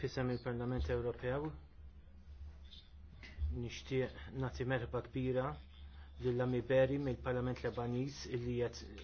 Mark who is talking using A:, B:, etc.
A: fissem il-Parlament Ewropew nixtieq nagħti merħba kbira lill-Amiberi mill-Parlament Lebaniż illi qed